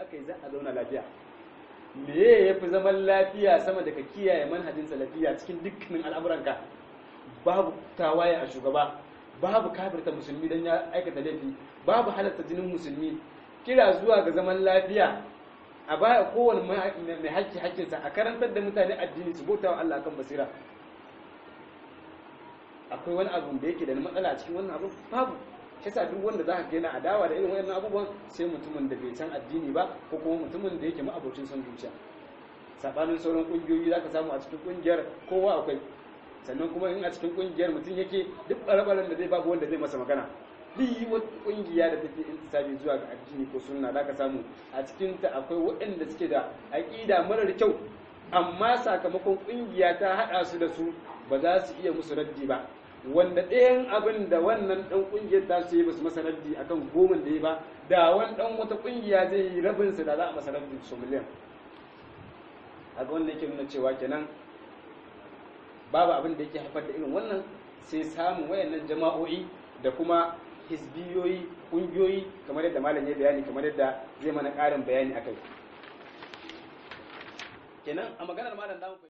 aka yi za a zauna lafiya meye ya fi zaman lafiya sama daga kiyaye manhajin salafiya cikin dukkanin al'amuranka babu tawaye a shugaba babu kafirta musulmi don ya aikata laifi babu halatta jinin musulmi kira zuwa ga zaman lafiya a baya kowane mai haƙƙi haƙƙinsa a karantar da mutane addini su bauta wa Allah kan basira akwai wani abu da yake da matsala a cikin wannan abu babu shi duk wanda za ka na adawa da irin wayannan abubuwan sai mutumin da bai san addini ba ko kuma mutumin da yake ma'abocin son zuciya sabanin sauran kungiyoyi za ka samu a cikin kungiyar kowa akwai sannan kuma in a cikin kungiyar mutum yake duk barabaran da zai babu wanda zai masa magana duk wata kungiya da take intisabi zuwa ga addini ko sunna za ka samu a cikin ta akwai waɗanda suke da aƙida marar kyau amma sakamakon kungiya ta haɗa su da su ba za su iya musu raddi ba wanda ɗayan abin da wannan ɗan ƙungiyar ta ce ba su masa a kan goma da ya ba da wani ɗan wata ƙungiya zai yi rabinsa da za a masa su miliyan a ga wanda yake nuna cewa kenan babu abin da yake haifar da irin wannan sai samun wayannan jama'o'i da kuma hisbiyoyi ƙungiyoyi kamar yadda malam ya bayani kamar yadda zai mana ƙarin bayani akai kenan a maganar malam